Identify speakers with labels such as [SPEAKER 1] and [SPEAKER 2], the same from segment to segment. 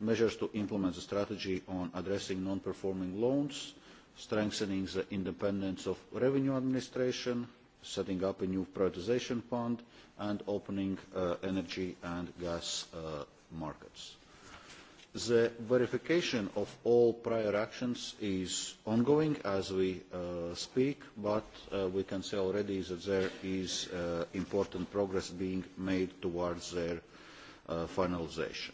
[SPEAKER 1] measures to implement the strategy on addressing non-performing loans, strengthening the independence of revenue administration, setting up a new privatisation fund, and opening uh, energy and gas uh, markets. The verification of all prior actions is ongoing as we uh, speak, but uh, we can say already that there is uh, important progress being made towards their uh, finalisation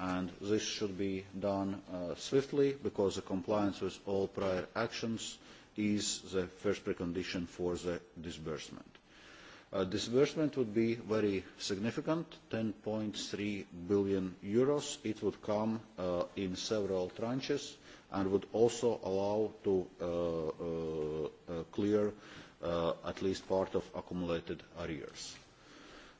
[SPEAKER 1] and this should be done uh, swiftly because the compliance with all prior actions is the first precondition for the disbursement. Uh, disbursement would be very significant, EUR ten three billion euros. It would come uh, in several tranches and would also allow to uh, uh, uh, clear at least part of accumulated arrears.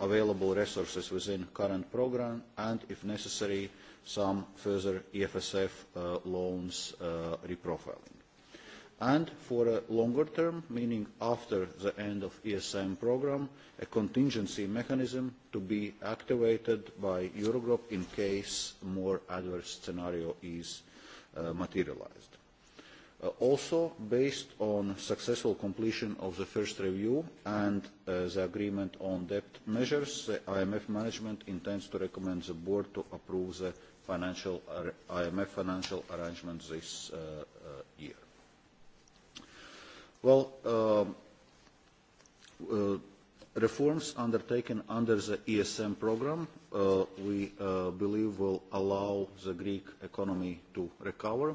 [SPEAKER 1] available resources within current programme and, if necessary, some further EFSF uh, loans uh, reprofiling. And for a longer term, meaning after the end of ESM programme, a contingency mechanism to be activated by Eurogroup in case more adverse scenario is uh, materialised. Uh, also based on successful completion of the first review and uh, the agreement on debt measures, the IMF management intends to recommend the board to approve the financial, uh, IMF financial arrangement this uh, uh, year. Well, um, reforms undertaken under the ESM programme we believe will allow the Greek economy to recover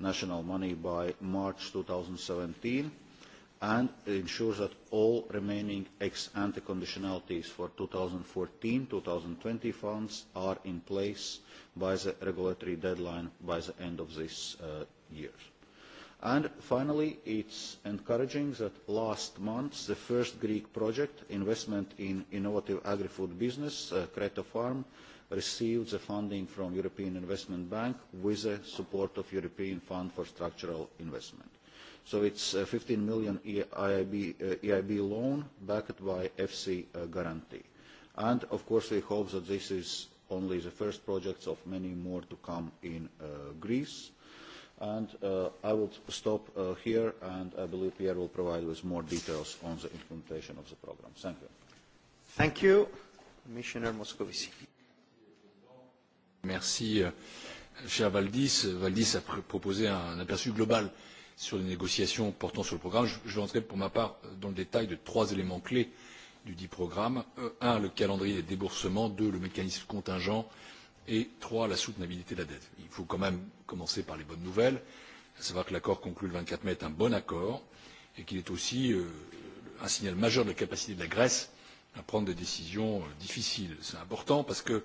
[SPEAKER 1] national money by March seventeen and ensures that all remaining ex-ante conditionalities for 2014-2020 twenty funds are in place by the regulatory deadline by the end of this uh, year. And finally, it's encouraging that last month, the first Greek project, investment in innovative agri-food business, uh, Creta Farm, received the funding from the European Investment Bank with the support of the European Fund for Structural Investment. So It's a uh, 15 million EIB, uh, EIB loan backed by EFSI uh, guarantee. And Of course, we hope that this is only the first projects of many more to come in uh, Greece. And uh, I will stop uh, here, and I believe Pierre will provide with more details on the implementation of the program. Thank you.
[SPEAKER 2] Thank you, Commissioner
[SPEAKER 1] Moscovici.
[SPEAKER 3] Merci, euh, cher Valdis. Valdis a proposé un aperçu global sur les négociations portant sur le programme. Je vais entrer pour ma part dans le détail de trois éléments clés dudit programme. Euh, un, le calendrier des déboursements. Deux, le mécanisme contingent. Et trois, la soutenabilité de la dette. Il faut quand même commencer par les bonnes nouvelles, à savoir que l'accord conclu le vingt quatre mai est un bon accord et qu'il est aussi euh, un signal majeur de la capacité de la Grèce à prendre des décisions difficiles. C'est important parce que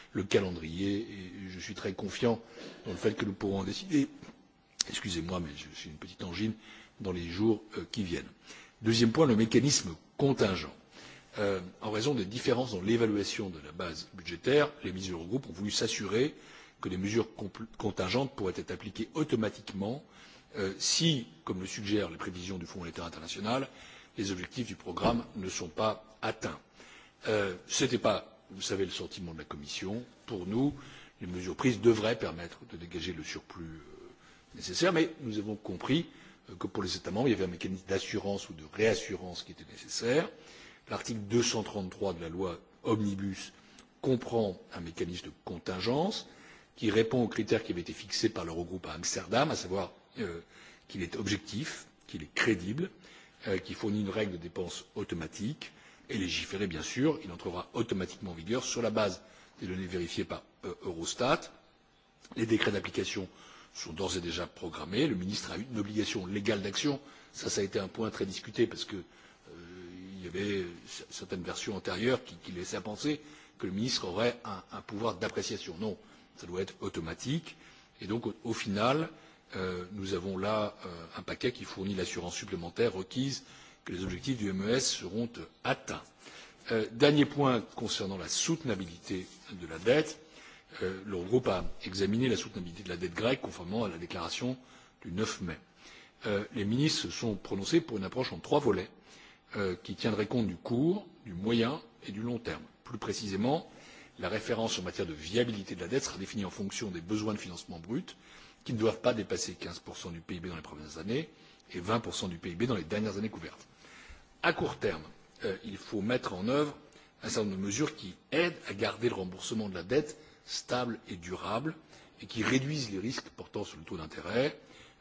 [SPEAKER 3] le calendrier et je suis très confiant dans le fait que nous pourrons en décider excusez moi mais j'ai une petite angine dans les jours euh, qui viennent. deuxième point le mécanisme contingent. Euh, en raison des différences dans l'évaluation de la base budgétaire les mises de l'eurogroupe ont voulu s'assurer que des mesures contingentes pourraient être appliquées automatiquement euh, si comme le suggèrent les prévisions du fonds monétaire international les objectifs du programme ne sont pas atteints. ce n'était pas vous savez le sentiment de la commission pour nous les mesures prises devraient permettre de dégager le surplus euh, nécessaire mais nous avons compris euh, que pour les états membres il y avait un mécanisme d'assurance ou de réassurance qui était nécessaire. l'article deux cent trente trois de la loi omnibus comprend un mécanisme de contingence qui répond aux critères qui avaient été fixés par l'eurogroupe à amsterdam à savoir euh, qu'il est objectif qu'il est crédible qu'il fournit une règle de dépenses automatique et légiférer bien sûr il entrera automatiquement en vigueur sur la base des données vérifiées par euh, eurostat. les décrets d'application sont d'ores et déjà programmés le ministre a une obligation légale d'action cela a été un point très discuté parce qu'il euh, y avait certaines versions antérieures qui, qui laissaient à penser que le ministre aurait un, un pouvoir d'appréciation. non cela doit être automatique et donc au, au final euh, nous avons là euh, un paquet qui fournit l'assurance supplémentaire requise que les objectifs du mes seront euh, atteints. Euh, dernier point concernant la soutenabilité de la dette euh, l'eurogroupe a examiné la soutenabilité de la dette grecque conformément à la déclaration du neuf mai. les ministres se sont prononcés pour une approche en trois volets qui tiendrait compte du court du moyen et du long terme. plus précisément la référence en matière de viabilité de la dette sera définie en fonction des besoins de financement brut qui ne doivent pas dépasser quinze du pib dans les premières années et vingt du pib dans les dernières années couvertes à court terme euh, il faut mettre en œuvre un certain nombre de mesures qui aident à garder le remboursement de la dette stable et durable et qui réduisent les risques portant sur le taux d'intérêt.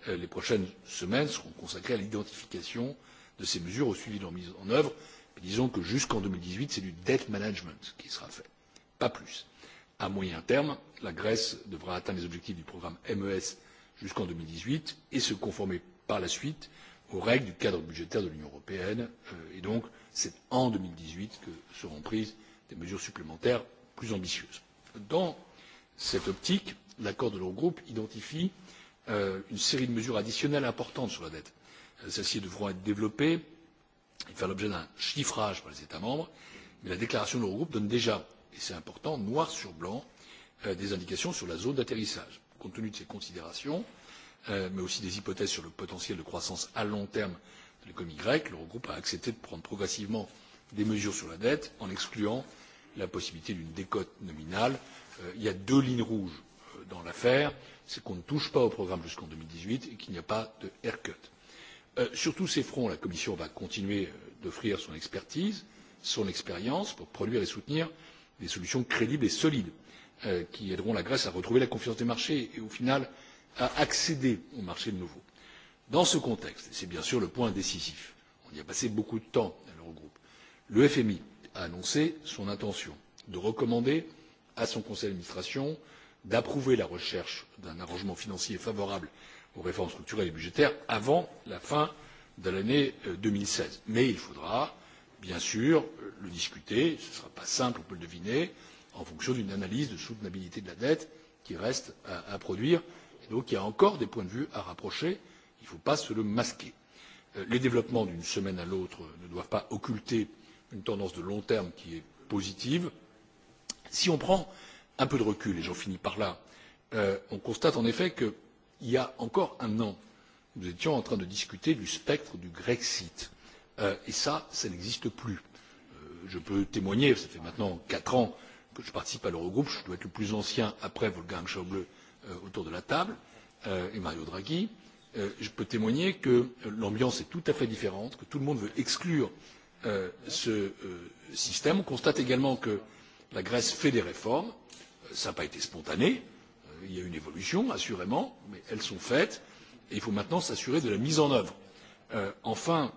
[SPEAKER 3] Euh, les prochaines semaines seront consacrées à l'identification de ces mesures au suivi de leur mise en œuvre mais disons que jusqu'en deux mille dix huit c'est du debt management qui sera fait pas plus. à moyen terme la grèce devra atteindre les objectifs du programme mes jusqu'en deux mille dix huit et se conformer par la suite aux règles du cadre budgétaire de l'union européenne euh, et donc c'est en deux mille dix huit que seront prises des mesures supplémentaires plus ambitieuses. dans cette optique l'accord de l'eurogroupe identifie euh, une série de mesures additionnelles importantes sur la dette. Euh, celles ci devront être développées et faire l'objet d'un chiffrage par les états membres mais la déclaration de l'eurogroupe donne déjà et c'est important noir sur blanc des indications sur la zone d'atterrissage. compte tenu de ces considérations Euh, mais aussi des hypothèses sur le potentiel de croissance à long terme de l'économie grecque l'eurogroupe a accepté de prendre progressivement des mesures sur la dette en excluant la possibilité d'une décote nominale. Euh, il y a deux lignes rouges euh, dans l'affaire c'est qu'on ne touche pas au programme jusqu'en deux mille dix huit et qu'il n'y a pas de haircut. sur tous ces fronts la commission va continuer d'offrir son expertise son expérience pour produire et soutenir des solutions crédibles et solides qui aideront la grèce à retrouver la confiance des marchés et au final à accéder aux marchés nouveaux. dans ce contexte et c'est bien sûr le point décisif on y a passé beaucoup de temps à l'eurogroupe le fmi a annoncé son intention de recommander à son conseil d'administration d'approuver la recherche d'un arrangement financier favorable aux réformes structurelles et budgétaires avant la fin de l'année euh, deux mille seize mais il faudra bien sûr le discuter ce ne sera pas simple on peut le deviner en fonction d'une analyse de soutenabilité de la dette qui reste à produire donc il y a encore des points de vue à rapprocher il ne faut pas se le masquer. Euh, les développements d'une semaine à l'autre ne doivent pas occulter une tendance de long terme qui est positive. si on prend un peu de recul et j'en finis par là euh, on constate en effet qu'il y a encore un an nous étions en train de discuter du spectre du grexit euh, et cela ça n'existe plus. je peux témoigner cela fait maintenant quatre ans que je participe à l'eurogroupe je dois être le plus ancien après wolfgang schuble Euh, autour de la table euh, et mario draghi euh, je peux témoigner que l'ambiance est tout à fait différente que tout le monde veut exclure ce système. on constate également que la grèce fait des réformes cela n'a pas été spontané il y a eu une évolution assurément mais elles sont faites et il faut maintenant s'assurer de la mise en œuvre. enfin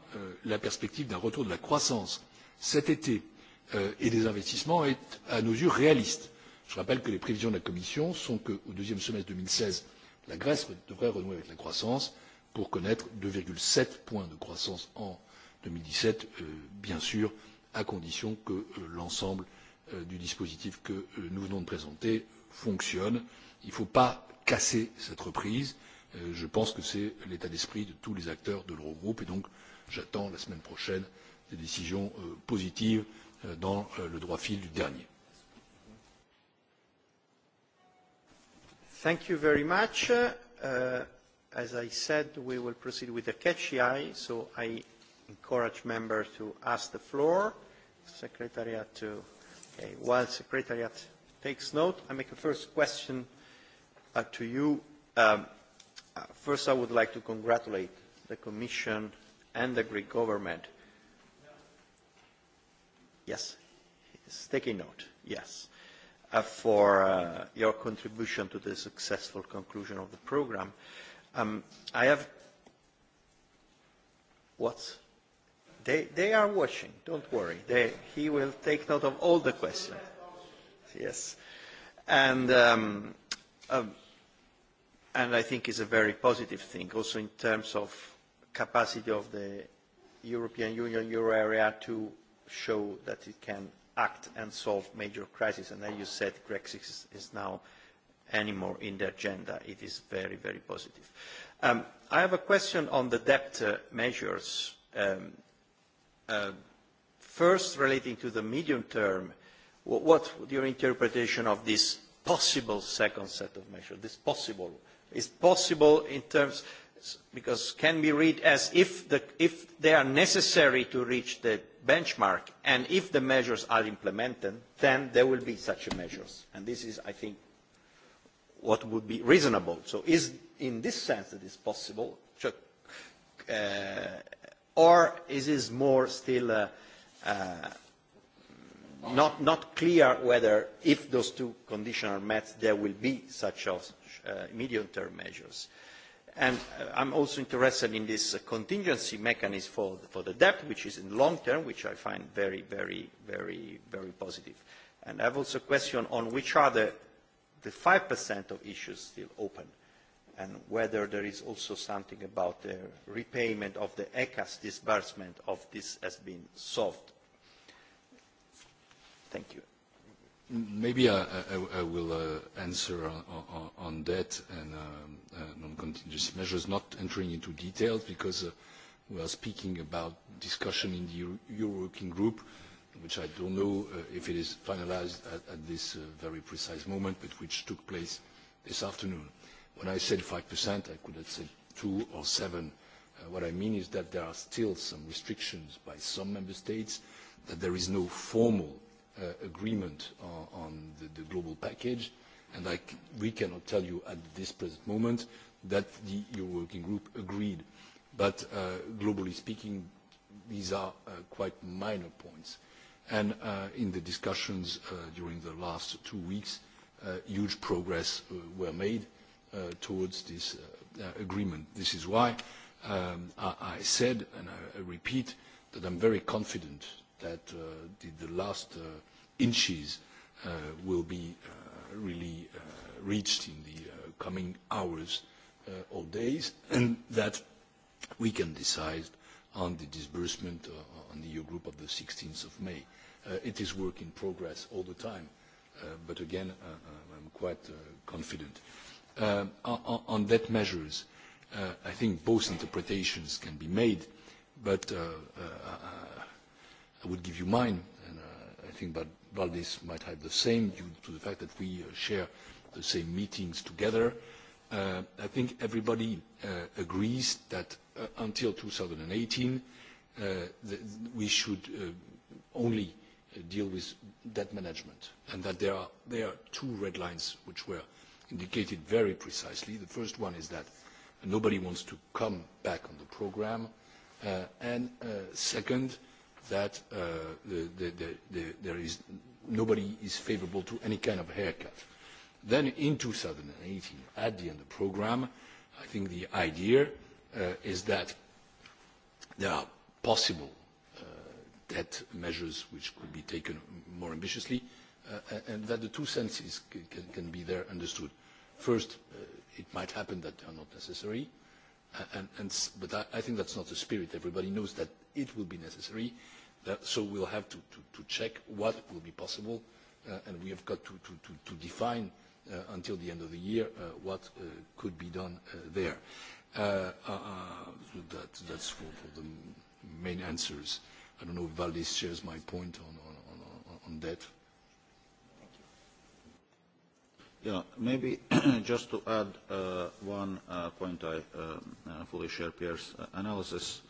[SPEAKER 3] la perspective d'un retour de la croissance cet été et des investissements est à nos yeux réaliste je rappelle que les prévisions de la commission sont qu'au deuxième semestre deux mille seize la grèce devrait renouer avec la croissance pour connaître deux sept points de croissance en deux mille dix sept euh, bien sûr à condition que euh, l'ensemble euh, du dispositif que nous venons de présenter fonctionne. il ne faut pas casser cette reprise je pense que c'est l'état d'esprit de tous les acteurs de l'eurogroupe et donc j'attends la semaine prochaine des décisions positives dans le droit fil du dernier.
[SPEAKER 2] Thank you very much. Uh, as I said, we will proceed with the catchy eye, so I encourage members to ask the floor. Secretariat to, okay, while Secretariat takes note, I make a first question uh, to you. Um, uh, first, I would like to congratulate the Commission and the Greek government. Yes, it's taking note, yes. Uh, for uh, your contribution to the successful conclusion of the program. Um, I have... What? They, they are watching, don't worry. They, he will take note of all the questions. Yes. And, um, um, and I think it's a very positive thing, also in terms of capacity of the European Union euro area to show that it can act and solve major crises. And as you said, Brexit is now anymore in the agenda. It is very, very positive. Um, I have a question on the debt uh, measures. Um, uh, first, relating to the medium term, what, what your interpretation of this possible second set of measures, this possible, is possible in terms – because can be read as if, the, if they are necessary to reach the benchmark and if the measures are implemented, then there will be such measures. And this is, I think, what would be reasonable. So is in this sense that is possible, uh, or is it more still uh, uh, not, not clear whether if those two conditions are met, there will be such uh, medium-term measures? Uh, And uh, I'm also interested in this uh, contingency mechanism for, for the debt, which is in the long term, which I find very, very, very, very positive. And I have also a question on which are the, the 5% of issues still open and whether there is also something about the repayment of the ECAS disbursement
[SPEAKER 3] of this has been solved. Thank you. Maybe I, I, I will uh, answer on, on, on that and um, uh, on these measures, not entering into details because uh, we are speaking about discussion in the Euro Working group, which I don't know uh, if it is finalized at, this uh, very precise moment, but which took place this afternoon. When I said 5%, I could have said 2 or 7. what I mean is that there are still some restrictions by some member states, that there is no formal agreement on, the, global package, and we cannot tell you at this present moment that the EU working group agreed. But uh, globally speaking, these are uh, quite minor points. And uh, in the discussions during the last two weeks, huge progress was made towards this agreement. This is why um, I, said, and I, repeat, that I am very confident that the last inches will be really reached in the coming hours Uh, or days, and that we can decide on the disbursement uh, on the EU group of the 16th of May. Uh, it is work in progress all the time, uh, but again, uh, uh I'm quite uh, confident. Uh, on, on debt measures, uh, I think both interpretations can be made, but uh, uh, I would give you mine, and uh, I think that Valdis might have the same due to the fact that we uh, share the same meetings together. Uh, Uh, I think everybody uh, agrees that uh, until 2018, eighteen uh, we should uh, only deal with debt management, and that there are, there are two red lines which were indicated very precisely. The first one is that nobody wants to come back on the program, and second, that the, the, there is nobody is favorable to any kind of haircut Then in eighteen, at the end of the programme, I think the idea uh, is that there are possible uh, debt measures which could be taken more ambitiously, uh, and that the two senses can, can be there understood. First, uh, it might happen that they are not necessary, uh, and, and, but I, I think that's not the spirit. Everybody knows that it will be necessary, that, so we'll have to, to, to check what will be possible, uh, and we have got to, to, to define Uh, until the end of the year uh, what uh, could be done there. That, that's for, for the main answers. I don't know if Valdis shares my point on, on, on, on that.
[SPEAKER 1] Yeah, maybe just to add uh, one uh, point I um, uh, fully share Pierre's analysis. Uh,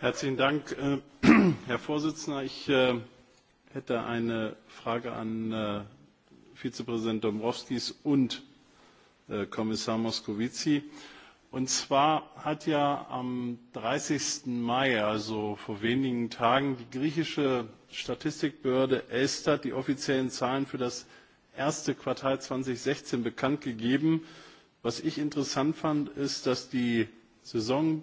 [SPEAKER 2] Äh,
[SPEAKER 4] Herr Vorsitzender. Ich äh, hätte eine Frage an äh, Vizepräsident Dombrovskis und Kommissar Moscovici. Und zwar hat ja am dreißig Mai, also vor wenigen Tagen, die griechische Statistikbehörde Elstat die offiziellen Zahlen für das erste Quartal zweitausendsechzehn bekannt gegeben. Was ich interessant fand, ist, dass die Saison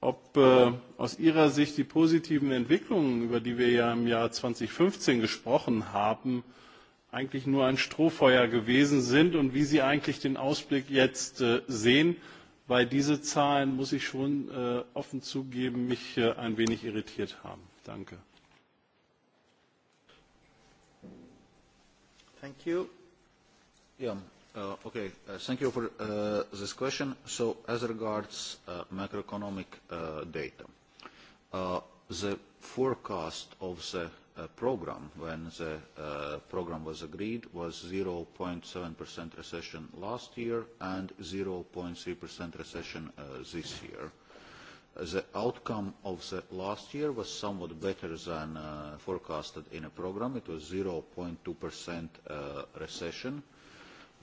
[SPEAKER 4] ob äh, aus Ihrer Sicht die positiven Entwicklungen, über die wir ja im Jahr 2015 gesprochen haben, eigentlich nur ein Strohfeuer gewesen sind und wie Sie eigentlich den Ausblick jetzt äh, sehen, weil diese Zahlen, muss ich schon äh, offen zugeben, mich äh, ein wenig irritiert haben. Danke.
[SPEAKER 2] Thank you.
[SPEAKER 1] Yeah. Uh, okay, uh, thank you for uh, this question. So as regards uh, macroeconomic uh, data, uh, the forecast of the uh, program when the uh, program was agreed was 0.7% recession last year and 0.3% recession uh, this year. The outcome of the last year was somewhat better than uh, forecasted in a program. It was 0.2% uh, recession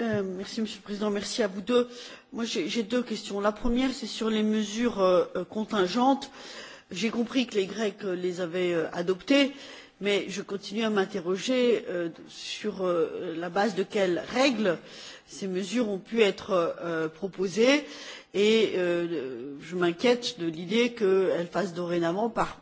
[SPEAKER 5] Euh, merci, monsieur le président merci à vous deux. j'ai deux questions. la première c'est sur les mesures euh, euh, contingentes. j'ai compris que les grecs les avaient adoptées mais je continue à m'interroger sur la base de quelles règles ces mesures ont pu être proposées et je m'inquiète de l'idée qu'elles fassent dorénavant par,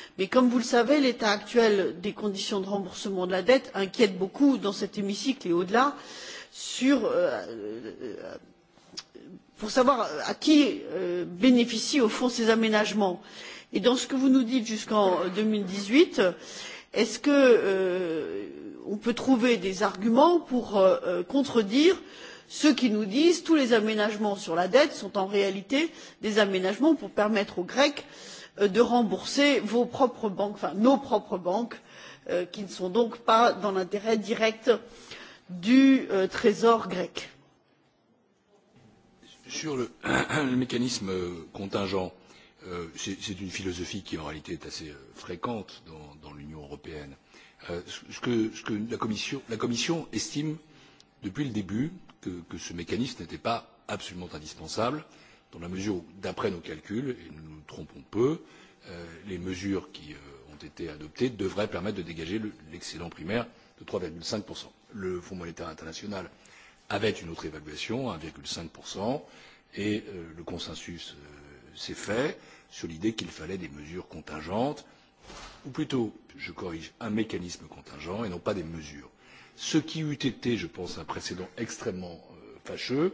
[SPEAKER 5] mais mais comme vous le savez l'état actuel des conditions de remboursement de la dette inquiète beaucoup dans cet hémicycle et au delà euh, euh, pour savoir à qui euh, bénéficient au fond ces aménagements. et dans ce que vous nous dites jusqu'en deux mille dix huit est ce que l'on peut trouver des arguments pour contredire ceux qui nous disent que tous les aménagements sur la dette sont en réalité des aménagements pour permettre aux grecs Euh, de rembourser vos propres banques enfin nos propres banques euh, qui ne sont donc pas dans l'intérêt direct du euh, trésor grec.
[SPEAKER 3] sur le, le mécanisme contingent c'est une philosophie qui en réalité est assez fréquente dans, dans l'union européenne. ce que, ce que la, commission, la commission estime depuis le début que, que ce mécanisme n'était pas absolument indispensable dans la mesure où d'après nos calculs et nous nous trompons peu euh, les mesures qui euh, ont été adoptées devraient permettre de dégager l'excédent primaire de. trois cinq le fonds monétaire international avait une autre évaluation un cinq et euh, le consensus s'est fait sur l'idée qu'il fallait des mesures contingentes ou plutôt je corrige un mécanisme contingent et non pas des mesures ce qui eût été je pense un précédent extrêmement fâcheux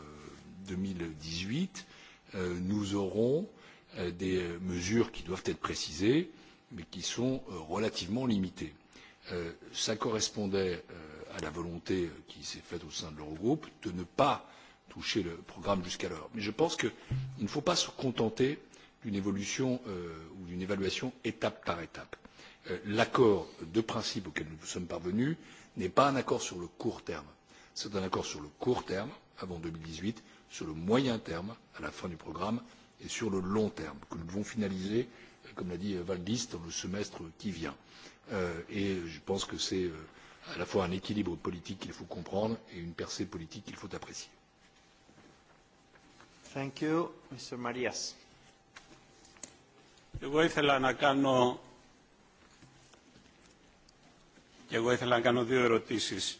[SPEAKER 3] deux mille dix huit euh, nous aurons euh, des euh, mesures qui doivent être précisées mais qui sont relativement limitées. cela correspondait à la volonté qui s'est faite au sein de l'eurogroupe de ne pas toucher le programme jusqu'alors mais je pense qu'il ne faut pas se contenter d'une évolution ou d'une évaluation étape par étape. l'accord de principe auquel nous sommes parvenus n'est pas un accord sur le court terme c'est un accord sur le court terme avant deux mille dix huit sur le moyen terme à la fin du programme et sur le long terme que nous devons finaliser euh, comme l'a dit euh, valdis dans le semestre qui vient. Euh, et je pense que c'est à la fois un équilibre politique qu'il faut comprendre et une percée politique qu'il faut apprécier.
[SPEAKER 2] Thank you, Mr. Marias.
[SPEAKER 6] Εγώ ήθελα να κάνω, εγώ ήθελα να κάνω δύο ερωτήσεις.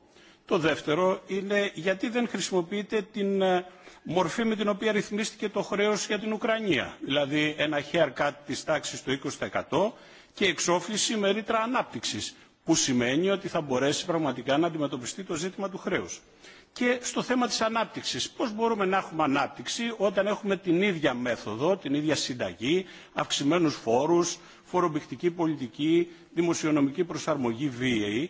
[SPEAKER 6] Το δεύτερο είναι γιατί δεν χρησιμοποιείτε την μορφή με την οποία ρυθμίστηκε το χρέος για την Ουκρανία. Δηλαδή ένα haircut της τάξης του 20% και εξόφληση με ρήτρα ανάπτυξης που σημαίνει ότι θα μπορέσει πραγματικά να αντιμετωπιστεί το ζήτημα του χρέους. Και στο θέμα της ανάπτυξης, πώς μπορούμε να έχουμε ανάπτυξη όταν έχουμε την ίδια μέθοδο, την ίδια συνταγή, αυξημένους φόρους, φορομπηκτική πολιτική, δημοσιονομική προσαρμογή βίαιη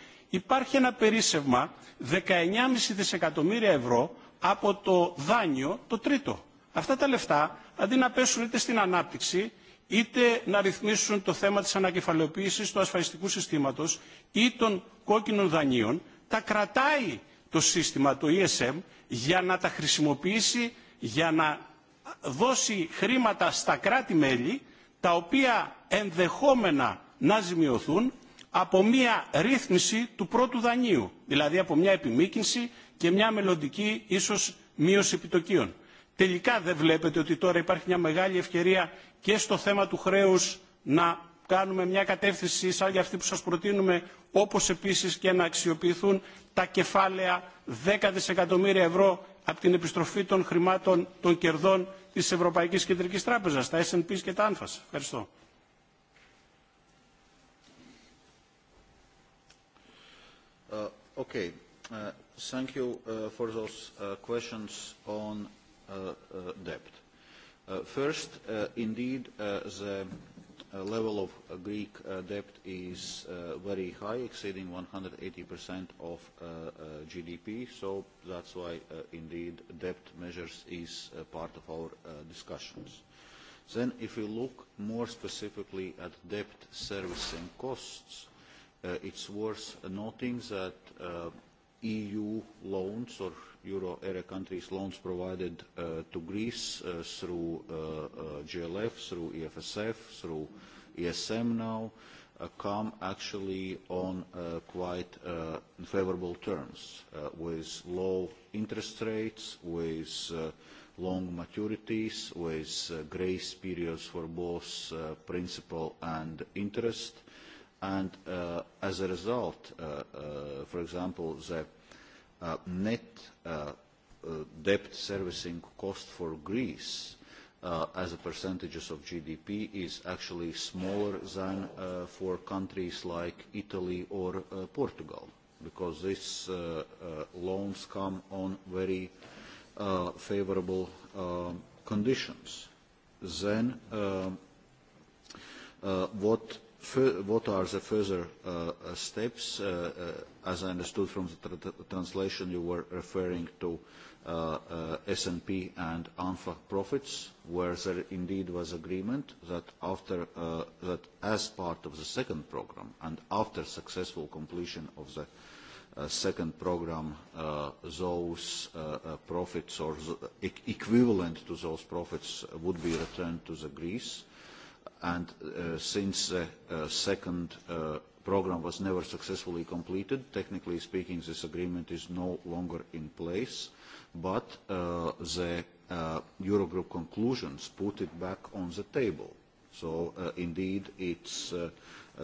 [SPEAKER 6] υπάρχει ένα περίσσευμα 19,5 δισεκατομμύρια ευρώ από το δάνειο το τρίτο. Αυτά τα λεφτά αντί να πέσουν είτε στην ανάπτυξη είτε να ρυθμίσουν το θέμα της ανακεφαλαιοποίησης του ασφαλιστικού συστήματος ή των κόκκινων δανείων, τα κρατάει το σύστημα, το ESM, για να τα χρησιμοποιήσει, για να δώσει χρήματα στα κράτη-μέλη, τα οποία ενδεχόμενα να ζημιωθούν από μια ρύθμιση του πρώτου δανείου, δηλαδή από μια επιμήκυνση και μια μελλοντική ίσως μείωση επιτοκίων. Τελικά δεν βλέπετε ότι τώρα υπάρχει μια μεγάλη ευκαιρία και στο θέμα του χρέους να κάνουμε μια κατεύθυνση σαν για αυτή που σας προτείνουμε, όπως επίσης και να αξιοποιηθούν τα κεφάλαια 10 δισεκατομμύρια ευρώ από την επιστροφή των χρημάτων των κερδών της Ευρωπαϊκής Κεντρικής Τράπεζας, τα S&P και τα ΑΝΦΑΣ. Ευχαριστώ.
[SPEAKER 1] Okay. Uh, thank you uh, for those uh, questions on uh, uh, debt. Uh, first, indeed, the level of Greek debt is very high, exceeding 180% of GDP, so that's why, indeed, debt measures is part of our discussions. Then, if we look more specifically at debt servicing costs, Uh, it's worth noting that uh, EU loans or euro area countries loans provided uh, to Greece uh, through uh, uh GLF, through EFSF, through ESM now come actually on quite favourable terms with low interest rates, with long maturities, with grace periods for both principal and interest, And uh, as a result, uh, uh, for example, the uh, net uh, uh, debt servicing cost for Greece uh, as a percentage of GDP is actually smaller than uh, for countries like Italy or uh, Portugal because these uh, uh, loans come on very uh, favorable uh, conditions. Then uh, uh, what what are the further uh, uh steps? Uh, uh, as I understood from the tra translation, you were referring to uh, S&P and ANFA profits, where there indeed was agreement that, after, that as part of the second programme and after successful completion of the second programme, those profits or the e-, equivalent to those profits would be returned to Greece and uh, since the uh, second uh, programme was never successfully completed, technically speaking, this agreement is no longer in place, but uh, the uh, Eurogroup conclusions put it back on the table. So uh, indeed, it is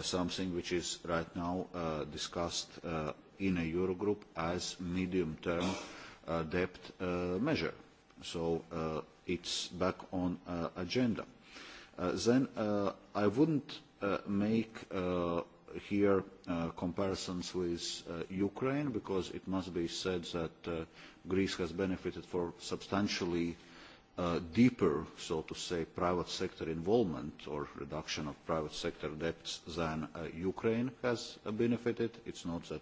[SPEAKER 1] something which is right now discussed in a Eurogroup as a medium-term debt measure. So it is back on the agenda. Uh, then uh, I wouldn't uh, make here uh, comparisons with uh, Ukraine because it must be said that uh, Greece has benefited from substantially deeper, so to say, private sector involvement or reduction of private sector debts than Ukraine has benefited. It's not that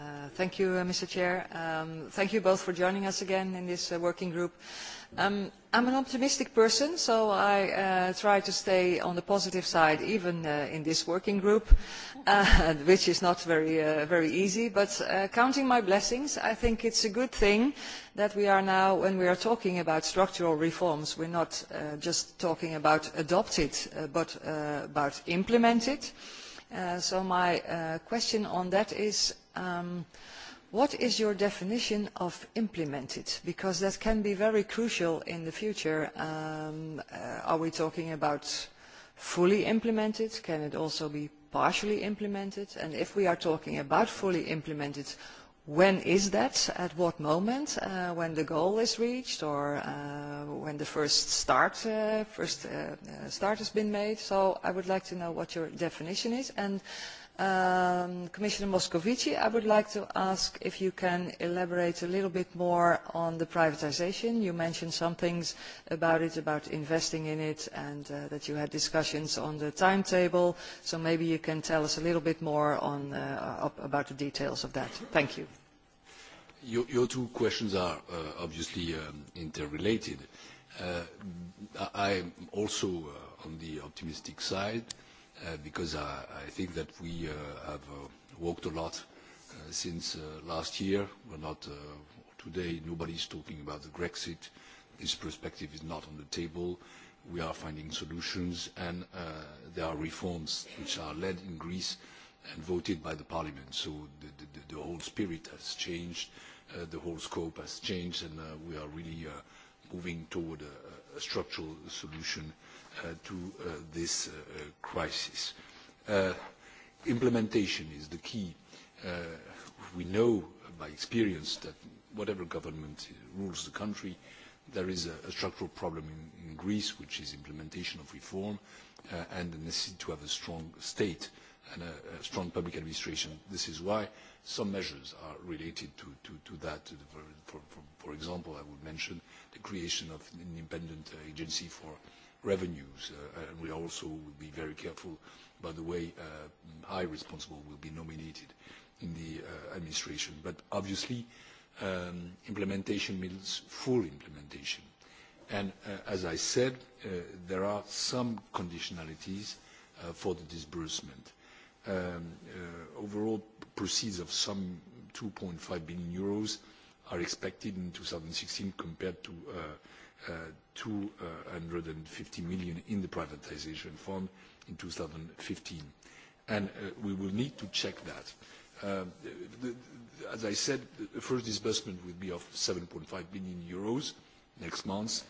[SPEAKER 7] Uh, thank you, uh, Mr. Chair. Um, thank you both for joining us again in this uh, working group. I am um, an optimistic person, so I try to stay on the positive side, even in this working group, which is not very, easy. But counting my blessings, I think it is a good thing that we are now, when we are talking about structural reforms, we are not just talking about adopt it, but about implement it. Uh, so my uh, question on that is, um, what is your definition of implemented? Because that can be very crucial in the future. Um, uh, are we talking about fully implemented? Can it also be partially implemented? And if we are talking about fully implemented, when is that, at what moment, uh, when the goal is reached or uh, when the first start, uh, first, uh, uh start has been made. So I would like to know what your definition is. And Um, Commissioner Moscovici, I would like to ask if you can elaborate a little bit more on the privatization. You mentioned some things about it, about investing in it, and uh, that you had discussions on the timetable. So maybe you can tell us a little bit more on, uh, about the details of that. Thank you.
[SPEAKER 3] Your, your two questions are uh, obviously um, interrelated. Uh, am also uh, on the optimistic side. Uh, Uh, because I, I think that we uh, have uh, worked a lot uh, since uh, last year. We're not, uh, today nobody's talking about the Grexit. This perspective is not on the table. We are finding solutions and uh, there are reforms which are led in Greece and voted by the parliament. So the, the, the whole spirit has changed, uh, the whole scope has changed and uh, we are really uh, moving toward a, a structural solution uh, Uh, to uh, this uh, crisis. Implementation is the key. We know by experience that whatever government rules the country, there is a, a structural problem in, in Greece, which is implementation of reform uh, and the necessity to have a strong state and a, a strong public administration. This is why some measures are related to, to, to that. For, for, for example, I would mention the creation of an independent agency for revenues. Uh, and we also will be very careful about the way uh, high responsible will be nominated in the uh, administration. But obviously, um, implementation means full implementation. And uh, as I said, uh, there are some conditionalities uh, for the disbursement. Um, uh, overall proceeds of some 2.5 billion euros are expected in 2016 compared to uh, 250 uh, million in the privatization fund in 2015. And uh, we will need to check that. Um, as I said, the first disbursement will be of 7.5 billion euros next month.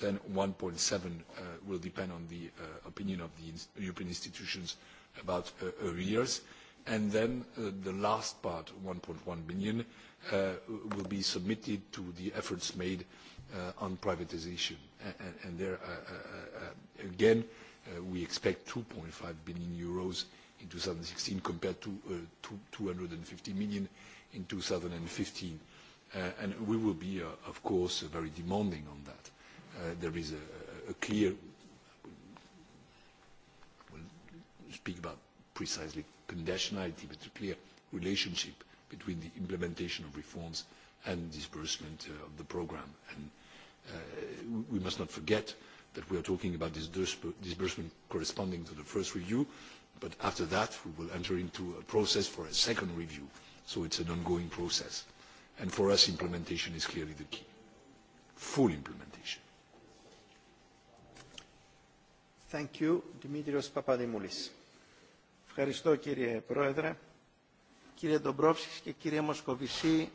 [SPEAKER 3] Then 1.7 billion uh, will depend on the opinion of the European institutions about arrears. And then the last part, 1.1 billion, will be submitted to the efforts made Uh, on privatization. And, there, uh, uh, again, we expect 2.5 billion euros in 2016 compared to EUR two, 250 million in 2015. and we will be, of course, very demanding on that. there is a, a clear, speak about precisely conditionality, but a clear relationship between the implementation of reforms and disbursement of the programme. Uh, we must not forget that we are talking about disbursement corresponding to the first review, but after that we will enter into a process for a second review. So it's an ongoing process. And for us, implementation is clearly the key. Full implementation. Thank you. Dimitrios
[SPEAKER 2] Papadimoulis. Ευχαριστώ κύριε Πρόεδρε. Κύριε Ντομπρόφσκι
[SPEAKER 8] και κύριε Μοσκοβισή,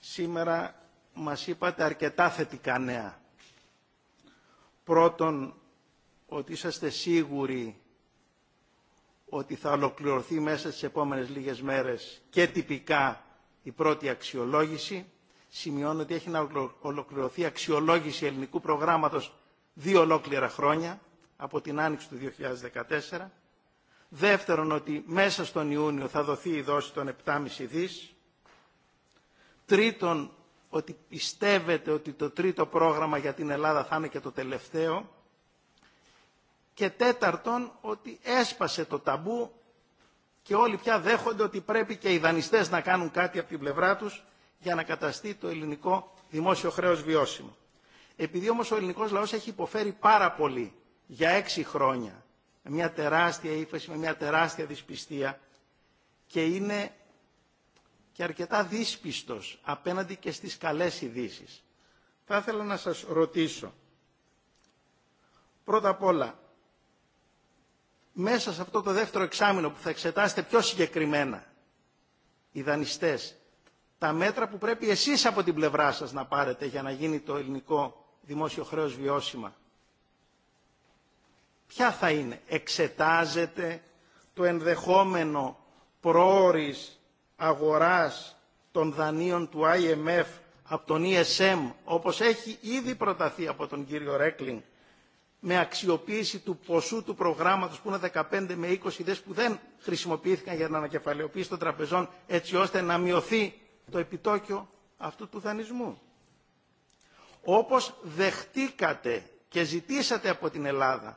[SPEAKER 8] σήμερα μας είπατε αρκετά θετικά νέα. Πρώτον, ότι είσαστε σίγουροι ότι θα ολοκληρωθεί μέσα στις επόμενες λίγες μέρες και τυπικά η πρώτη αξιολόγηση. Σημειώνω ότι έχει να ολοκληρωθεί αξιολόγηση ελληνικού προγράμματος δύο ολόκληρα χρόνια από την άνοιξη του 2014. Δεύτερον, ότι μέσα στον Ιούνιο θα δοθεί η δόση των 7,5 δις. Τρίτον, ότι πιστεύετε ότι το τρίτο πρόγραμμα για την Ελλάδα θα είναι και το τελευταίο και τέταρτον ότι έσπασε το ταμπού και όλοι πια δέχονται ότι πρέπει και οι δανειστές να κάνουν κάτι από την πλευρά τους για να καταστεί το ελληνικό δημόσιο χρέος βιώσιμο. Επειδή όμως ο ελληνικός λαός έχει υποφέρει πάρα πολύ για έξι χρόνια, με μια τεράστια ύφεση, με μια τεράστια δυσπιστία και είναι και αρκετά δύσπιστος απέναντι και στις καλές ειδήσει. Θα ήθελα να σας ρωτήσω, πρώτα απ' όλα, μέσα σε αυτό το δεύτερο εξάμεινο που θα εξετάσετε πιο συγκεκριμένα, οι δανειστές, τα μέτρα που πρέπει εσείς από την πλευρά σας να πάρετε για να γίνει το ελληνικό δημόσιο χρέος βιώσιμα. Ποια θα είναι, εξετάζετε το ενδεχόμενο πρόορης αγοράς των δανείων του IMF από τον ESM, όπως έχει ήδη προταθεί από τον κύριο Ρέκλινγκ, με αξιοποίηση του ποσού του προγράμματος που είναι 15 με 20 ιδέες που δεν χρησιμοποιήθηκαν για την ανακεφαλαιοποίηση των τραπεζών έτσι ώστε να μειωθεί το επιτόκιο αυτού του δανεισμού. Όπως δεχτήκατε και ζητήσατε από την Ελλάδα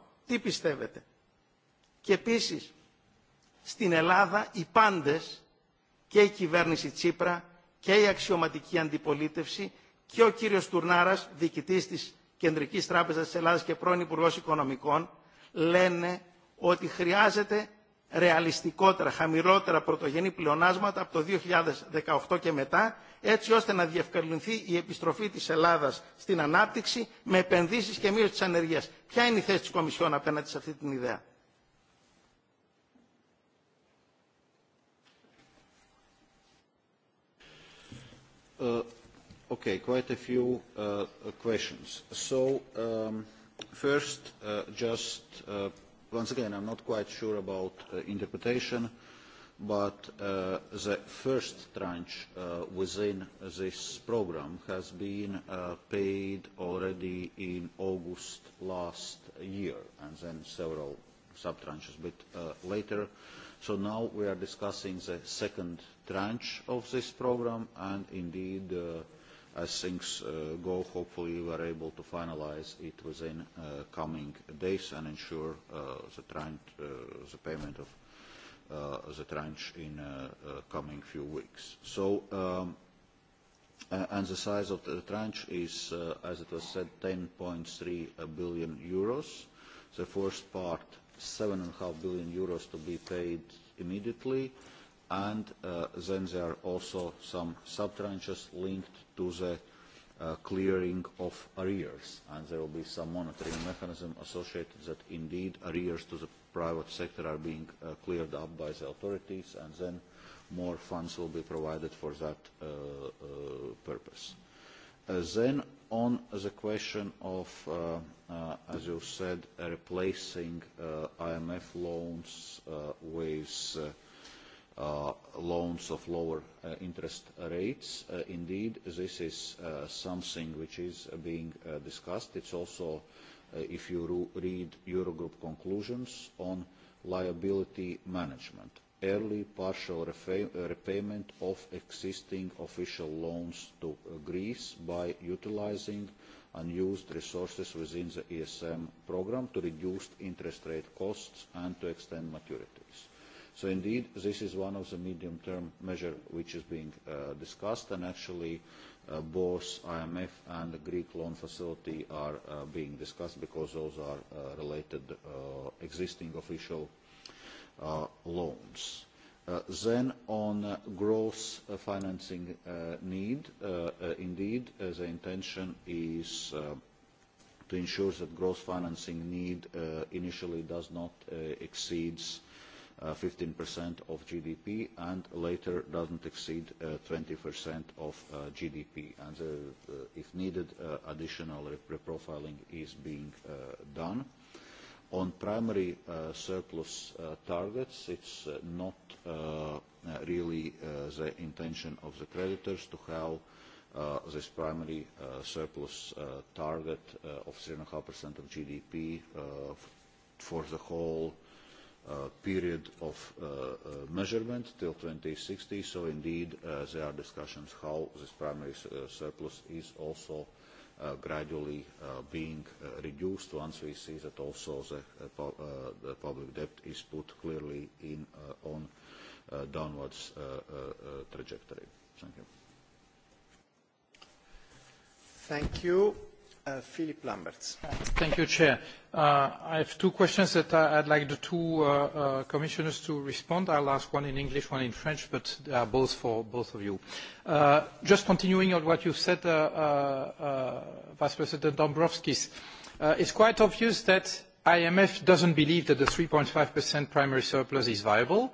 [SPEAKER 8] Τι πιστεύετε. Και επίσης, στην Ελλάδα οι πάντες και η κυβέρνηση Τσίπρα και η αξιωματική αντιπολίτευση και ο κύριος Τουρνάρας, διοικητής της Κεντρικής Τράπεζας της Ελλάδας και πρώην υπουργό Οικονομικών, λένε ότι χρειάζεται ρεαλιστικότερα, χαμηλότερα πρωτογενή πλεονάσματα από το 2018 και μετά έτσι ώστε να διευκολυνθεί η επιστροφή της Ελλάδας στην ανάπτυξη με επενδύσεις και μείωση της ανεργίας. Ποια είναι η θέση της Κομισιόν απέναντι σε αυτή την ιδέα.
[SPEAKER 1] Uh, okay, quite a few uh, questions. So, um, first, uh, just uh, once again, I'm not quite sure about uh, interpretation. Uh, but uh, the first tranche uh, within this programme has been uh, paid already in August last year, and then several sub-tranches a bit uh, later. So now we are discussing the second tranche of this programme, and indeed, uh, as things uh, go, hopefully we are able to finalise it within the coming days and ensure the, trend, the payment of Uh, the tranche in the uh, uh, coming few weeks. So, um, and the size of the tranche is, as it was said, 10.3 billion euros. The first part, 7.5 billion euros to be paid immediately, and then there are also some sub-tranches linked to the clearing of arrears, and there will be some monitoring mechanism associated that indeed arrears to the private sector are being uh, cleared up by the authorities and then more funds will be provided for that uh, uh, purpose. Uh, then on the question of, uh, uh, as you said, uh, replacing uh, IMF loans uh, with uh, Uh, loans of lower uh, interest rates. Uh, indeed, this is uh, something which is being uh, discussed. It's also uh, Uh, if you read Eurogroup conclusions on liability management, early partial uh, repayment of existing official loans to uh, Greece by utilising unused resources within the ESM programme to reduce interest rate costs and to extend maturities. So Indeed, this is one of the medium-term measures which is being uh, discussed, and actually uh, both IMF and the Greek loan facility are uh, being discussed because those are uh, related uh, existing official uh, loans. Uh, then on uh, growth uh, financing uh, need, uh, uh, indeed, uh, the intention is uh, to ensure that growth financing need uh, initially does not uh, exceeds Uh, fifteen 15% of GDP and later doesn't exceed uh, of uh, GDP. And uh, uh, if needed, uh, additional reprofiling is being uh, done. On primary uh, surplus uh, targets, it's uh, not uh, uh, really uh, the intention of the creditors to have uh, this primary uh, surplus uh, target uh, of 0.5% of GDP uh, for the whole uh, Uh, period of uh, uh, measurement till 2060. So indeed, uh, there are discussions how this primary uh, surplus is also gradually being reduced once we see that also the, pu the public debt is put clearly in on downwards trajectory. Thank you. Thank you.
[SPEAKER 2] Uh, uh,
[SPEAKER 9] I have two questions that I, would like the two uh, commissioners to respond. will ask one in English, one in French, but they are both for both of you. just continuing on what you said, Vice President Dombrovskis, it is quite obvious that IMF doesn't believe that the five primary surplus is viable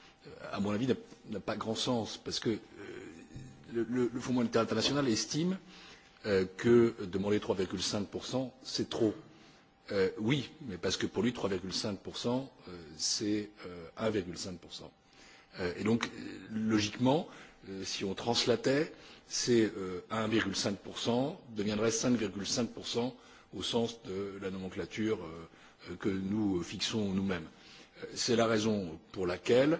[SPEAKER 3] à mon avis, n'a pas grand sens, parce que euh, le, Fonds monétaire international estime euh, que demander trois cinq c'est trop. Euh, oui mais parce que pour lui trois cinq c'est un cinq et donc logiquement si on translatait c'est un cinq deviendrait cinq cinq au sens de la nomenclature que nous fixons nous mêmes. c'est la raison pour laquelle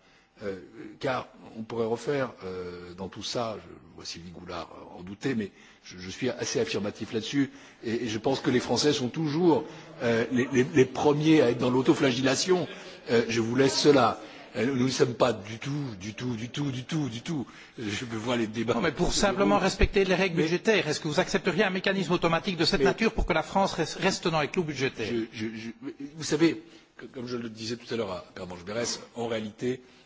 [SPEAKER 3] Euh, car on pourrait refaire euh, dans tout cela je vois sylvie goulard en douter mais je, suis assez affirmatif là dessus et, je pense que les français sont toujours euh, les, premiers à être dans l'autoflagellation je vous laisse cela
[SPEAKER 9] nous ne sommes pas du tout du tout du tout du tout du tout je vois les débats non, mais pour simplement vous... respecter les règles mais... budgétaires est ce que vous accepteriez un mécanisme automatique de cette mais... nature pour que la France reste dans les clous budgétaires je, je, je... vous savez
[SPEAKER 3] comme je le disais tout à l'heure à Père Berès en réalité euh,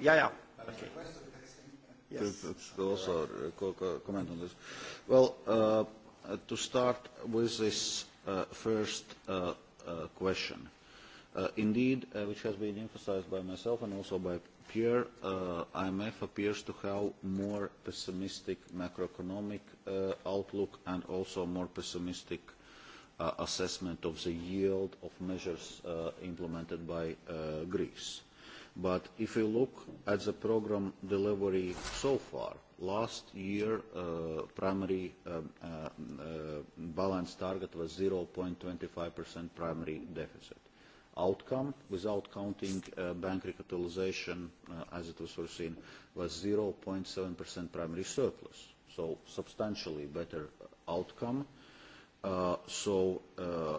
[SPEAKER 1] Yeah, yeah. Okay. Yes. Also, uh, comment on this. Well, uh, to start with this uh, first uh, uh, question. Uh, indeed, uh, which has been emphasized by myself and also by Pierre, uh, IMF appears to have more pessimistic macroeconomic uh, outlook and also more pessimistic uh, assessment of the yield of measures uh, implemented by uh, Greece. But if you look at the program delivery so far, last year uh, primary um, uh, uh, balance target was 0.25% primary deficit. Outcome, without counting uh, bank recapitalization uh, as it was foreseen, was 0.7% primary surplus. So substantially better outcome. Uh, so uh,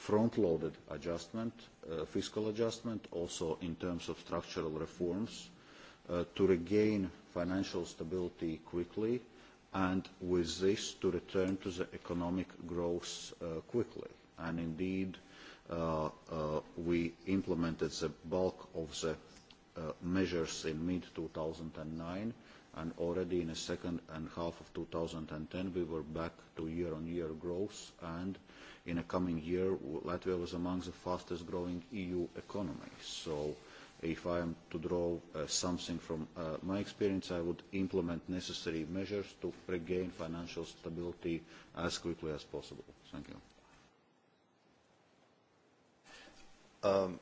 [SPEAKER 1] front-loaded adjustment, uh, fiscal adjustment, also in terms of structural reforms, uh, to regain financial stability quickly, and with this, to return to the economic growth uh, quickly. And Indeed, uh, uh, we implemented the bulk of the uh, measures in mid-2009, and already in the second and half of 2010, we were back to year-on-year growth, and in the coming year, Latvia was among the fastest-growing EU economies. So if I am to draw uh, something from uh, my experience, I would implement necessary measures to regain financial stability as quickly as possible. Thank you. Um,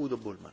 [SPEAKER 1] Udo
[SPEAKER 2] Bullman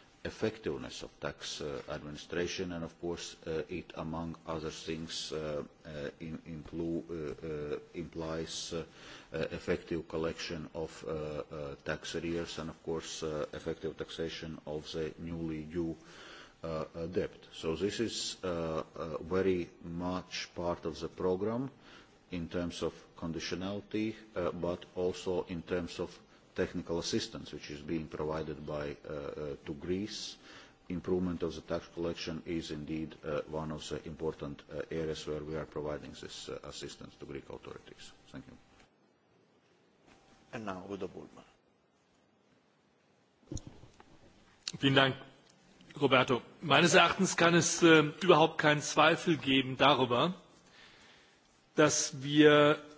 [SPEAKER 1] effectiveness of tax uh, administration and of course uh, it among other things uh, uh in, uh, uh, implies effective collection of tax arrears and of course effective taxation of the newly due debt. So this is very much part of the programme in terms of conditionality but also in terms of technical assistance which is being provided by, uh, uh, to Greece. Improvement of the tax collection is indeed uh, one of the important areas where we are providing this assistance to Greek authorities. Thank you. And now, Udo Bullman.
[SPEAKER 10] Vielen Dank, Roberto. Meines Erachtens kann es äh, überhaupt keinen Zweifel geben darüber, dass wir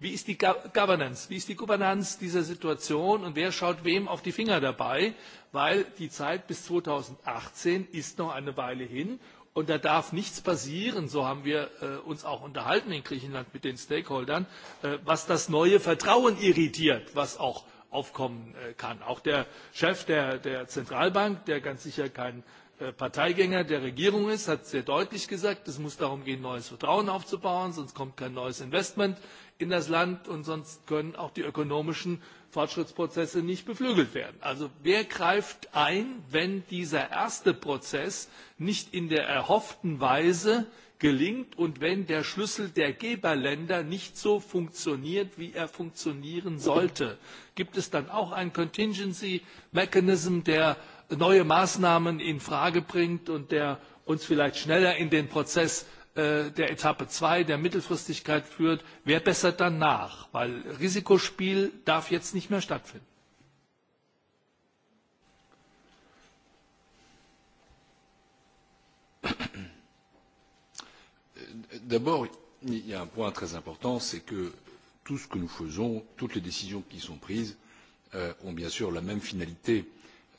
[SPEAKER 10] Wie ist die Governance, wie ist die Governance dieser Situation und wer schaut wem auf die Finger dabei? Denn die Zeit bis 2018 ist noch eine Weile hin und da darf nichts passieren, so haben wir äh, uns auch unterhalten in Griechenland mit den Stakeholdern, äh, was das neue Vertrauen irritiert, was auch aufkommen äh, kann. Auch der Chef der, der Zentralbank, der ganz sicher kein Äh, Parteigänger der Regierung ist, hat sehr deutlich gesagt, es muss darum gehen, neues Vertrauen aufzubauen, sonst kommt kein neues Investment in das Land und sonst können auch die ökonomischen Fortschrittsprozesse nicht beflügelt werden. Also wer greift ein, wenn dieser erste Prozess nicht in der erhofften Weise gelingt und wenn der Schlüssel der Geberländer nicht so funktioniert, wie er funktionieren sollte? Gibt es dann auch einen Contingency Mechanism, der neue Maßnahmen in Frage bringt und der uns vielleicht schneller in den Prozess äh, der Etappe zwei der Mittelfristigkeit führt, wer bessert dann nach? Weil Risikospiel darf jetzt nicht mehr stattfinden.
[SPEAKER 3] Äh, d'abord, il y a un point très important, c'est que tout ce que nous faisons, toutes les décisions qui sont prises euh, ont bien sûr la même finalité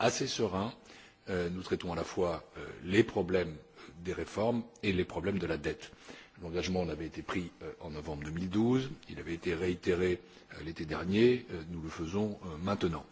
[SPEAKER 3] assez serein euh, nous traitons à la fois euh, les problèmes des réformes et les problèmes de la dette. l'engagement avait été pris euh, en novembre deux mille douze il avait été réitéré l'été dernier nous le faisons maintenant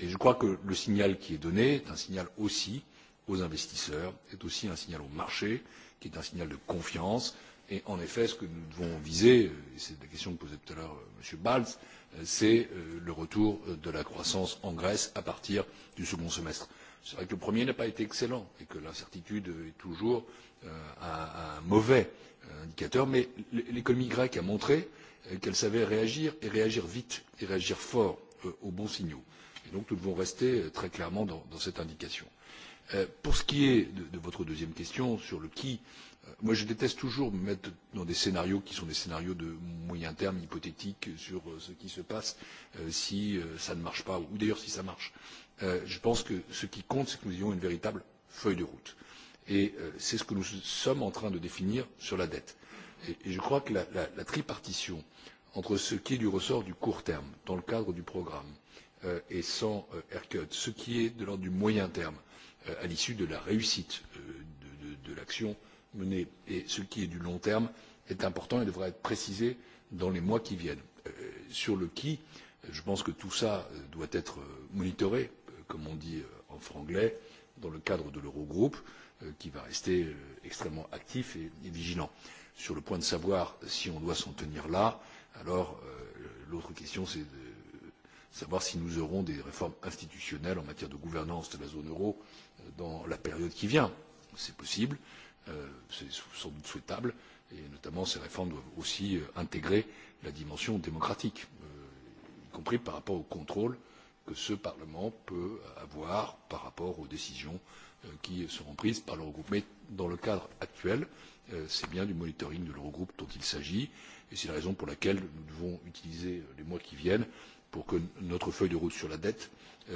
[SPEAKER 3] et je crois que le signal qui est donné est un signal aussi aux investisseurs est aussi un signal aux marchés qui est un signal de confiance et en effet ce que nous devons viser et c'est la question que posait tout à l'heure m. balz c'est euh, le retour de la croissance en grèce à partir du second semestre. c'est vrai que le premier n'a pas été excellent et que l'incertitude est toujours euh, un mauvais euh, indicateur mais l'économie grecque a montré qu'elle savait réagir et réagir vite et réagir fort aux bons signaux donc nous devons rester très clairement dans cette indication. pour ce qui est de votre deuxième question sur le qui moi je déteste toujours me mettre dans des scénarios qui sont des scénarios de moyen terme hypothétiques sur euh, ce qui se passe euh, si euh, ça ne marche pas ou d'ailleurs si ça marche. je pense que ce qui compte c'est que nous ayons une véritable feuille de route et c'est ce que nous sommes en train de définir sur la dette. et je crois que la, la, la tripartition entre ce qui est du ressort du court terme dans le cadre du programme et sans haircut ce qui est de l'ordre du moyen terme à l'issue de la réussite de, de, de l'action menée et ce qui est du long terme est important et devra être précisé dans les mois qui viennent. Euh, sur le qui euh, je pense que tout cela euh, doit être monitoré comme on dit en franglais dans le cadre de l'eurogroupe qui va rester extrêmement actif et vigilant. sur le point de savoir si on doit s'en tenir là alors l'autre question c'est de savoir si nous aurons des réformes institutionnelles en matière de gouvernance de la zone euro dans la période qui vient. c'est possible Euh, c'est sans doute souhaitable et notamment ces réformes doivent aussi euh, intégrer la dimension démocratique euh, y compris par rapport au contrôle que ce parlement peut avoir par rapport aux décisions qui seront prises par l'eurogroupe. mais dans le cadre actuel c'est bien du monitoring de l'eurogroupe dont il s'agit et c'est la raison pour laquelle nous devons utiliser les mois qui viennent pour que notre feuille de route sur la dette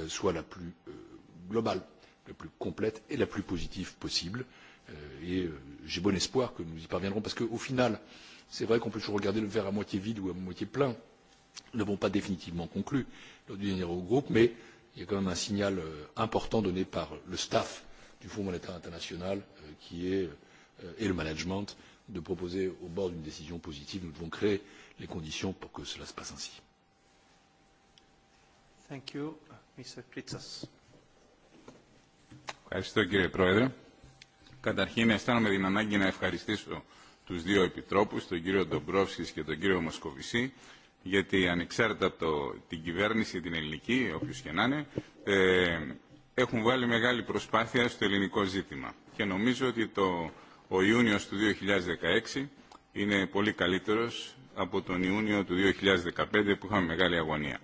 [SPEAKER 3] soit la plus globale la plus complète et la plus positive possible. Euh, et euh, j'ai bon espoir que nous y parviendrons parce qu'au final c'est vrai qu'on peut toujours regarder le verre à moitié vide ou à moitié plein nous n'avons pas définitivement conclu lors du dernier eurogroupe mais il y a quand même un signal euh, important donné par le staff du fonds monétaire international qui est et le management de proposer au bord d'une décision positive. nous devons créer les conditions pour que cela se passe ainsi.
[SPEAKER 2] Thank you. Mr.
[SPEAKER 11] Καταρχήν αισθάνομαι δυναμάγκη να ευχαριστήσω τους δύο επιτρόπους, τον κύριο Ντομπρόφσκης και τον κύριο Μοσκοβισή, γιατί ανεξάρτητα από το, την κυβέρνηση, την ελληνική, όποιος και να είναι, ε, έχουν βάλει μεγάλη προσπάθεια στο ελληνικό ζήτημα. Και νομίζω ότι το, ο Ιούνιος του 2016 είναι πολύ καλύτερος από τον Ιούνιο του 2015 που είχαμε μεγάλη αγωνία.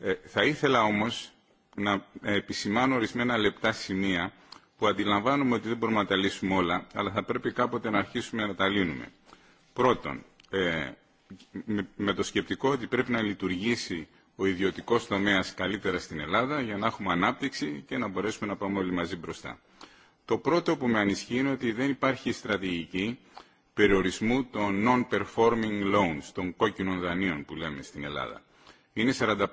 [SPEAKER 11] Ε, θα ήθελα όμως να επισημάνω ορισμένα λεπτά σημεία που αντιλαμβάνουμε ότι δεν μπορούμε να τα λύσουμε όλα, αλλά θα πρέπει κάποτε να αρχίσουμε να τα λύνουμε. Πρώτον, ε, με, με το σκεπτικό ότι πρέπει να λειτουργήσει ο ιδιωτικό τομέα καλύτερα στην Ελλάδα για να έχουμε ανάπτυξη και να μπορέσουμε να πάμε όλοι μαζί μπροστά. Το πρώτο που με ανισχύει είναι ότι δεν υπάρχει στρατηγική περιορισμού των non-performing loans, των κόκκινων δανείων που λέμε στην Ελλάδα. Είναι 45%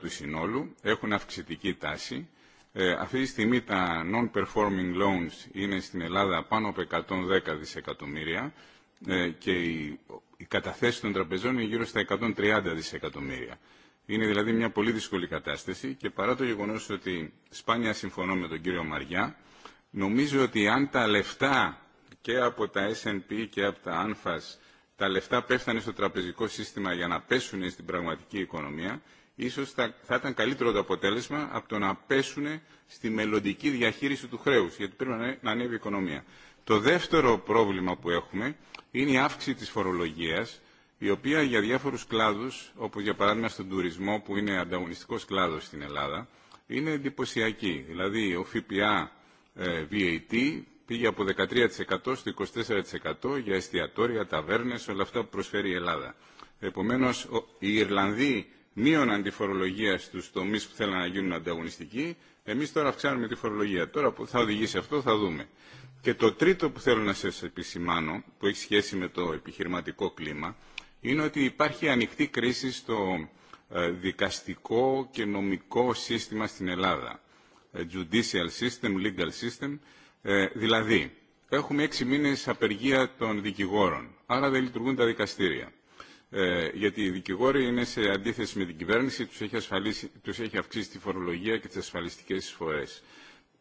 [SPEAKER 11] του συνόλου, έχουν αυξητική τάση αυτή τη στιγμή τα non-performing loans είναι στην Ελλάδα πάνω από 110 δισεκατομμύρια ε, και οι, οι καταθέσεις των τραπεζών είναι γύρω στα 130 δισεκατομμύρια. Είναι δηλαδή μια πολύ δύσκολη κατάσταση και παρά το γεγονός ότι σπάνια συμφωνώ με τον κύριο Μαριά, νομίζω ότι αν τα λεφτά και από τα S&P και από τα ANFAS τα λεφτά πέφτανε στο τραπεζικό σύστημα για να πέσουν στην πραγματική οικονομία, ίσως θα, θα ήταν καλύτερο το αποτέλεσμα από το να πέσουν στη μελλοντική διαχείριση του χρέους, γιατί πρέπει να, να ανέβει η οικονομία. Το δεύτερο πρόβλημα που έχουμε είναι η αύξηση της φορολογίας, η οποία για διάφορους κλάδους, όπως για παράδειγμα στον τουρισμό, που είναι ανταγωνιστικός κλάδος στην Ελλάδα, είναι εντυπωσιακή. Δηλαδή, ο ΦΠΑ ε, VAT πήγε από 13% στο 24% για εστιατόρια, ταβέρνες, όλα αυτά που προσφέρει η Ελλάδα. Επομένως, οι Ιρλανδοί μείωναν τη φορολογία στου τομεί που θέλαν να γίνουν ανταγωνιστικοί, εμεί τώρα αυξάνουμε τη φορολογία. Τώρα που θα οδηγήσει αυτό θα δούμε. Και το τρίτο που θέλω να σα επισημάνω, που έχει σχέση με το επιχειρηματικό κλίμα, είναι ότι υπάρχει ανοιχτή κρίση στο δικαστικό και νομικό σύστημα στην Ελλάδα. Judicial system, legal system. Δηλαδή, έχουμε έξι μήνες απεργία των δικηγόρων, άρα δεν λειτουργούν τα δικαστήρια ε, γιατί οι δικηγόροι είναι σε αντίθεση με την κυβέρνηση, τους έχει, ασφαλίσει, τους έχει αυξήσει τη φορολογία και τις ασφαλιστικές εισφορές.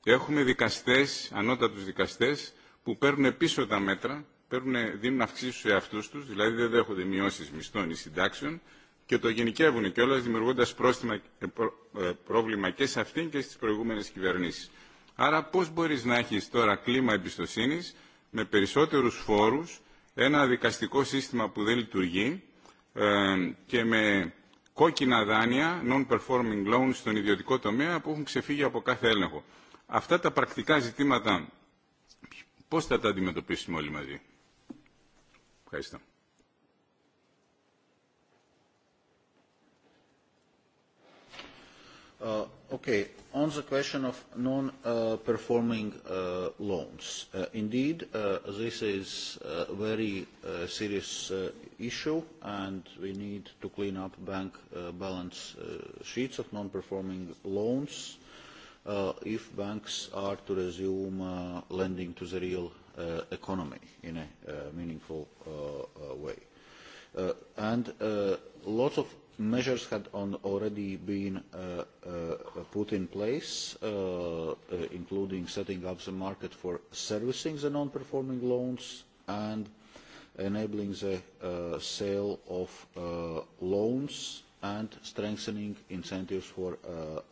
[SPEAKER 11] Έχουμε δικαστές, ανώτατους δικαστές, που παίρνουν πίσω τα μέτρα, παίρνουν, δίνουν αυξήσεις σε αυτούς τους, δηλαδή δεν δέχονται μειώσεις μισθών ή συντάξεων, και το γενικεύουν κιόλας δημιουργώντας πρόστιμα, πρόβλημα και σε αυτήν και στις προηγούμενες κυβερνήσεις. Άρα πώς μπορείς να έχεις τώρα κλίμα εμπιστοσύνης με περισσότερους φόρους, ένα δικαστικό σύστημα που δεν λειτουργεί, και με κόκκινα δάνεια, non-performing loans στον ιδιωτικό τομέα που έχουν ξεφύγει από κάθε έλεγχο. Αυτά τα πρακτικά ζητήματα πώς θα τα αντιμετωπίσουμε όλοι μαζί. Ευχαριστώ.
[SPEAKER 1] Uh, okay, on the question of non-performing uh, uh, loans, uh, indeed, uh, this is a very uh, serious uh, issue, and we need to clean up bank uh, balance uh, sheets of non-performing loans uh, if banks are to resume uh, lending to the real uh, economy in a uh, meaningful uh, uh, way. Uh, and uh, lots of measures had on already been uh, uh, put in place, uh, uh, including setting up the market for servicing the non-performing loans and enabling the uh, sale of uh, loans and strengthening incentives for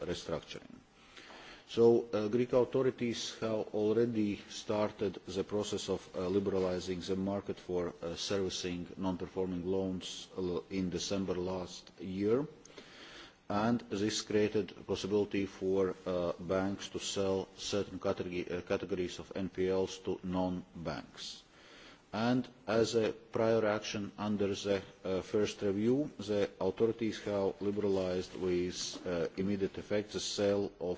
[SPEAKER 1] restructuring. So uh, Greek authorities have already started the process of uh, liberalising the market for uh, servicing non-performing loans uh, in December last year. And this created a possibility for uh, banks to sell certain category, uh, categories of NPLs to non-banks. And as a prior action under the uh, first review, the authorities have liberalised with uh, immediate effect the sale of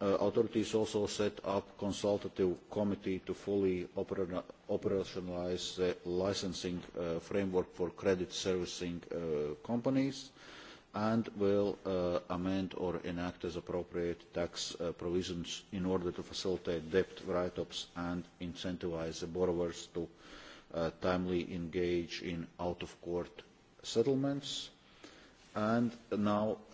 [SPEAKER 1] Uh, authorities also set up a consultative committee to fully operationalise the licensing uh, framework for credit servicing uh, companies and will uh, amend or enact as appropriate tax provisions in order to facilitate debt write-ups and incentivise the borrowers to timely engage in out-of-court settlements. And now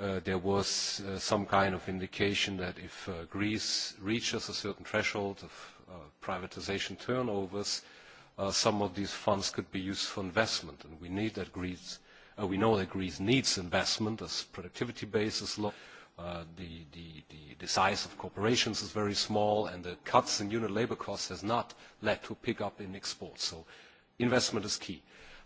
[SPEAKER 12] Uh, there was uh, some kind of indication that if uh, Greece reaches a certain threshold of uh, privatization turnovers, uh, some of these funds could be used for investment. And we need that Greece, uh, we know that Greece needs investment as productivity basis low, Uh, the, the, the, the size of corporations is very small and the cuts in unit labor costs has not led to a pick up in exports. So investment is key.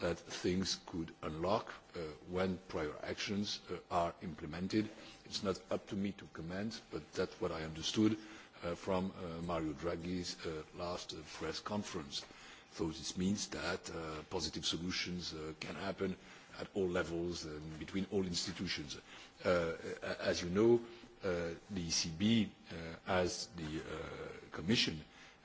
[SPEAKER 3] that things could unlock uh, when prior actions uh, are implemented. It is not up to me to comment, but that is what I understood uh, from Mario Draghi's last press conference. So this means that positive solutions can happen at all levels and between all institutions. as you know, the ECB, as the Commission,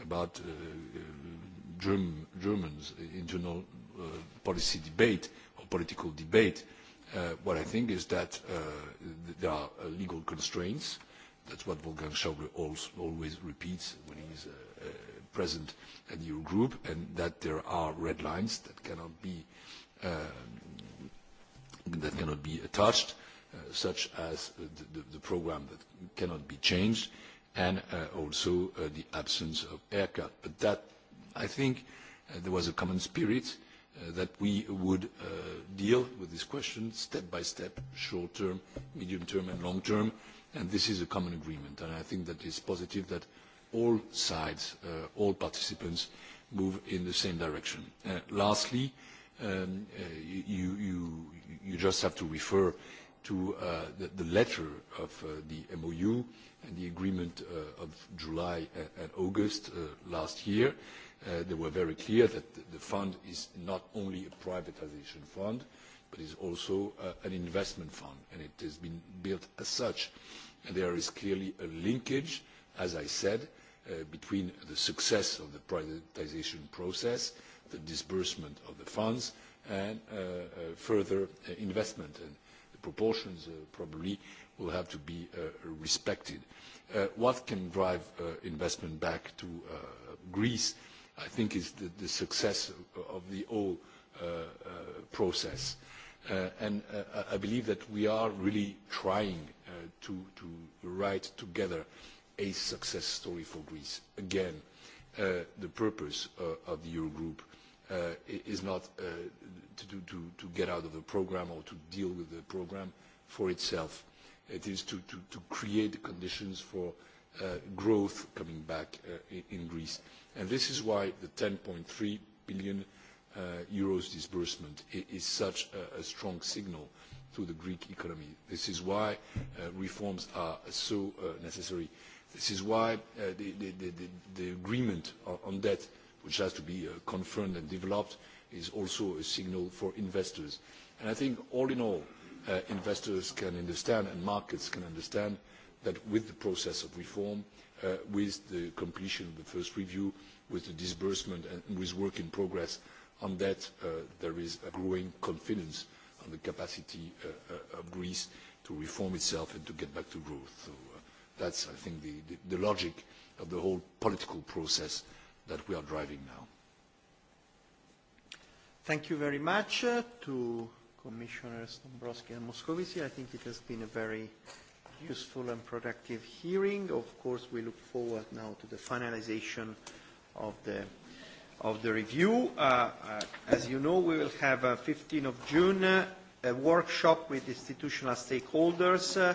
[SPEAKER 3] about uh, Germans uh, internal uh, policy debate or political debate, uh, what I think is that there are legal constraints. That's what Wolfgang Schauble always repeats when he is present at the Eurogroup, and that there are red lines that cannot be, um, that cannot be touched, such as the, the, program that cannot be changed, and uh, also uh, the absence of haircut. But that, I think, uh, there was a common spirit that we would deal with this question step by step, short term, medium term, and long term, and this is a common agreement. And I think that is positive that all sides, all participants move in the same direction. Lastly, um, you, you, you just have to refer to uh, the, the letter of uh, the MOU and the agreement uh, of July and August last year. They were very clear that the fund is not only a privatization fund, but is also an investment fund, and it has been built as such. And there is clearly a linkage, as I said, between the success of the privatization process, the disbursement of the funds, and further investment. And proportions uh, probably will have to be uh, respected. Uh, what can drive investment back to Greece, I think, is the, the success of the whole process. Uh, and uh, I believe that we are really trying uh, to, to write together a success story for Greece. Again, the purpose of the Eurogroup Uh, is not uh, to, to, to get out of the programme or to deal with the programme for itself. It is to, to, to create conditions for Uh, growth coming back uh, in Greece. and This is why the EUR 10.3 billion uh, Euros disbursement is such a, a strong signal to the Greek economy. This is why uh, reforms are so necessary. This is why the, the, the, the agreement on debt which has to be uh, confirmed and developed is also a signal for investors. And I think all in all, uh, investors can understand and markets can understand that with the process of reform, uh, with the completion of the first review, with the disbursement and with work in progress on that, uh, there is a growing confidence on the capacity uh, uh, of Greece to reform itself and to get back to growth. So That's, I think, the, the, the logic of the whole political process that we are driving now.
[SPEAKER 2] Thank you very much uh, to Commissioners Dombrovskis and Moscovici. I think it has been a very useful and productive hearing. Of course, we look forward now to the finalization of the of the review. Uh, uh, as you know, we will have uh, 15 of June uh, a workshop with institutional stakeholders uh,